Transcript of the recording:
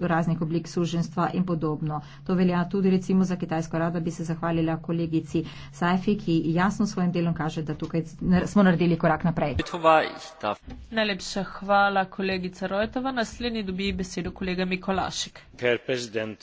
raznih oblik suženstva in podobno. To velja tudi recimo za Kitajsko. Rada bi se zahvalila kolegici Saifi, ki jasno s svojim delom kaže, da tukaj smo naredili korak naprej. Najlepša hvala, kolegica Rojtova. Naslednji dobi besedo kolega Mikolašik. Herr Präsident,